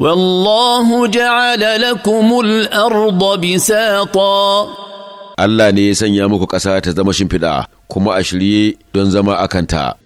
Wallahu جعل لكم الأرض بساطا Allah ne ya sanya muku ƙasa ta zama shimfiɗa kuma a shirye don zama akanta.